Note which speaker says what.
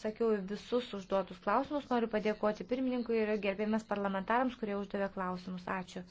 Speaker 1: atsakiau visus užduotus klausimus. Noriu padėkoti pirmininkui ir gerbėmės parlamentarams, kurie uždavė klausimus. Ačiū.